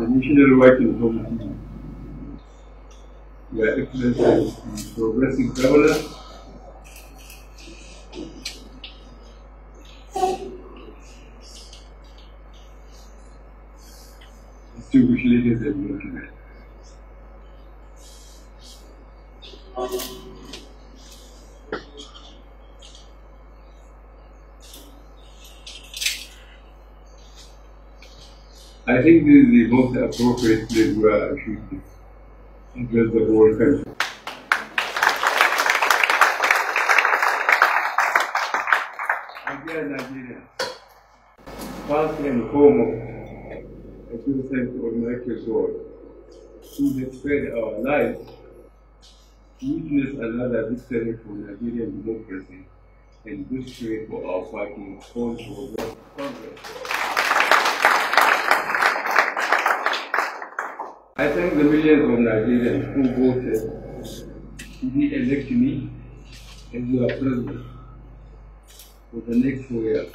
domin shi ne ruwa ke zo mutum ya excellency in progressive governance distinguished ladies and gentlemen I think this is the most appropriate place where I should address the whole country. Nigeria, Nigeria. First and foremost, I give thanks to Almighty God who has spared our lives to witness another victory for Nigerian democracy and victory for our fighting all for Congress. I thank the millions of Nigerians who voted to re-elect me as your president for the next four years.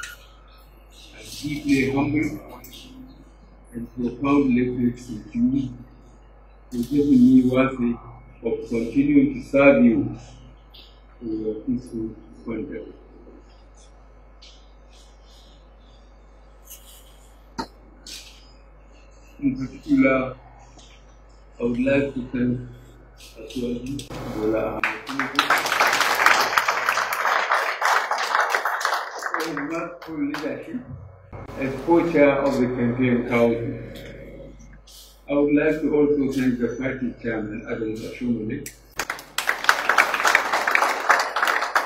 I'm deeply humbled and profoundly grateful to you for giving me worthy of continuing to serve you for your peaceful country, In particular, I would like to thank Atuaji for his leadership as co-chair of the campaign council. I would like to also thank the party chairman, Adam Ashumuni,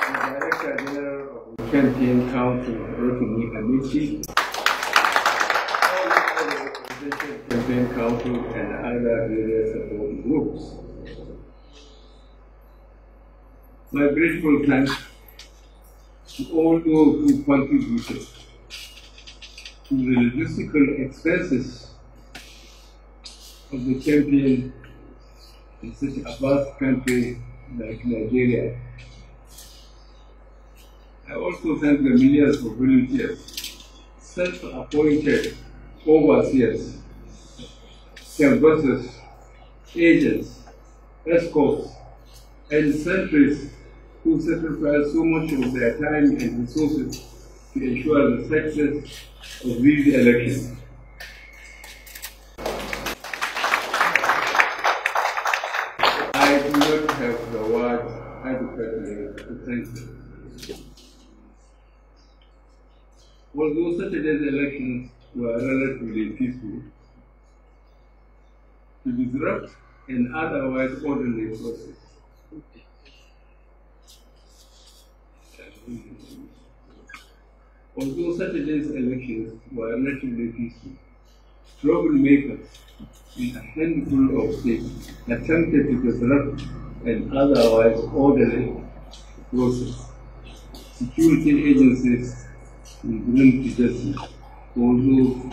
the director general of the campaign council, Rotimi Amiti, Campaign Council and other various support groups. My grateful thanks to all those who contributed to the logistical expenses of the campaign in such a vast country like Nigeria. I also thank the millions of volunteers, self-appointed overseers, canvassers, agents, escorts, and sentries who sacrifice so much of their time and resources to ensure the success of these elections. I do not have the words adequately to thank them. Although Saturday's elections were relatively peaceful. To disrupt an otherwise orderly process. Although Saturday's elections were relatively peaceful, troublemakers in a handful of states attempted to disrupt an otherwise orderly process. Security agencies will bring to justice who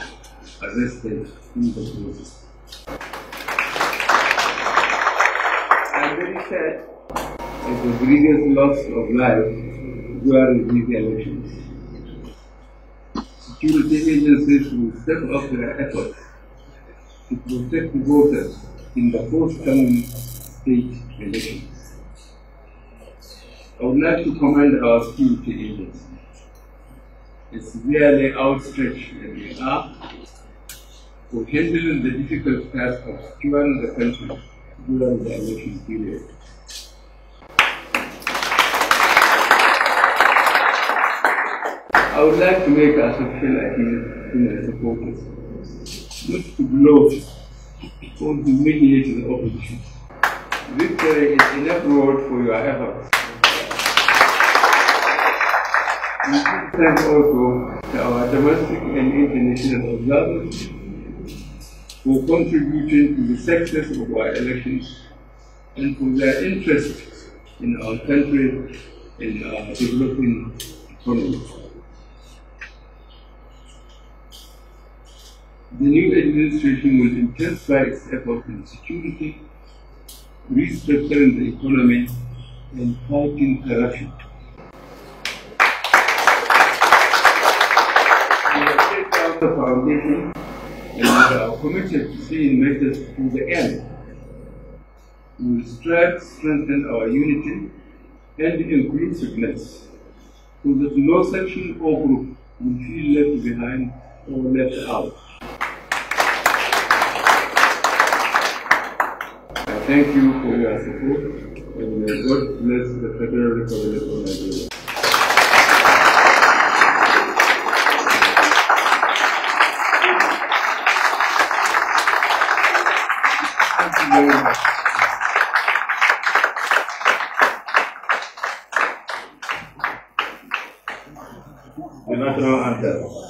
arrested in the group. I'm very sad at the grievous loss of life during these elections. Security agencies will step up their efforts to protect voters in the forthcoming state elections. I would like to commend our security agencies is really outstretched in the are to handle the difficult task of securing the country during the election period. I would like to make a special appeal to my supporters not to gloat or humiliate the opposition. Victory is enough reward for your efforts. We thank also our domestic and international observers for contributing to the success of our elections and for their interest in our country and our developing economy. The new administration will intensify its efforts in security, restructuring the economy, and fighting corruption. the foundation and are committed to seeing matters to the end. We will strive to strengthen our unity and inclusiveness so that no section or group will feel left behind or left out. I thank you for your support and may God bless the Federal Republic. and I cannot answer.